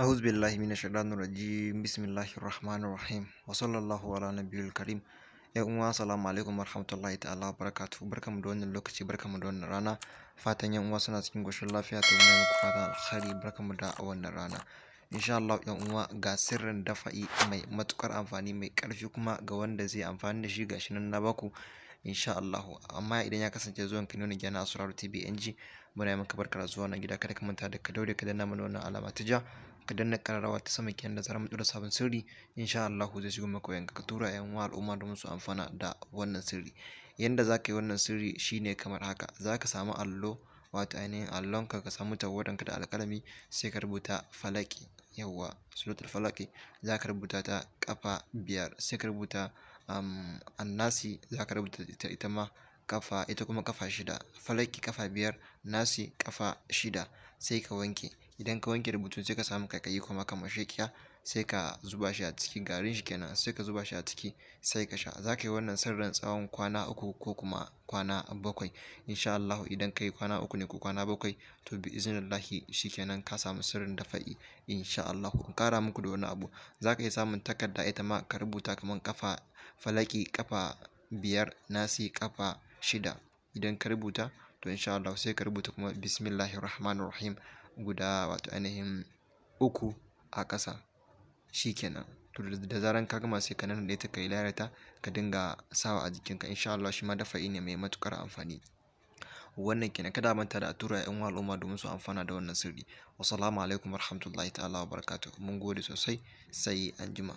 أعوذ بالله من الشيطان الرجيم بسم الله الرحمن الرحيم وصلى الله على نبي الكريم ya uwa assalamu alaikum warahmatullahi ta'ala barakatuh barkamu da wannan lokaci barkamu da wannan rana fatan yan uwa suna cikin goshin lafiya to muna muku fatan alkhairi barkamu da wannan rana insha Allah uwa ga sirrin dafa'i mai matukar amfani mai karfi kuma ga wanda zai amfani da shi gashi nan na baku insha amma idan ya kasance zuwan ka nuna gana asraru tbng muna yi maka barkar zuwa gida kada ka da ka daure ka danna mana wannan ka danna kararrawa ta sama kenan da zarar da sabon sirri insha Allah zai shigo maka wayanka ka tura yan wa al'umma domin su amfana da wannan sirri yanda za ka yi wannan sirri shine kamar haka za ka samu allo wato ainihin allon ka samu tawadanka da alƙalami sai ka rubuta falaki yawwa suratul falaki za ka rubuta ta kafa biyar sai ka rubuta annasi za ka rubuta ita ma kafa ita kuma kafa shida falaki kafa biyar nasi kafa shida sai ka wanke idan ka wanke rubutu sai ka samu kaikayi kuma kamar shekiya sai ka zuba shi a ciki garin shi kenan sai ka zuba shi a ciki sai ka sha za ka yi wannan sirrin tsawon kwana uku ko kuma kwana bakwai insha Allah idan ka yi kwana uku ne ko kwana bakwai to bi iznillahi shikenan ka samu sirrin dafa'i insha Allah in kara muku da wani abu za ka iya samun takarda ita ma ka rubuta kamar kafa falaki kafa biyar nasi kafa shida idan ka rubuta to insha Allah sai ka rubuta kuma bismillahir rahmanir rahim guda wato ainihin uku a ƙasa shi kenan to da zaran ka gama sai ka da ta ka yi layarta ka dinga sawa a jikinka insha Allah shi ma dafa'i ne mai matukar amfani wannan kenan kada manta da tura ƴan al'umma domin su amfana da wannan sirri wassalamu alaikum warahmatullahi ta'ala wa barakatuh mun gode sosai sai anjima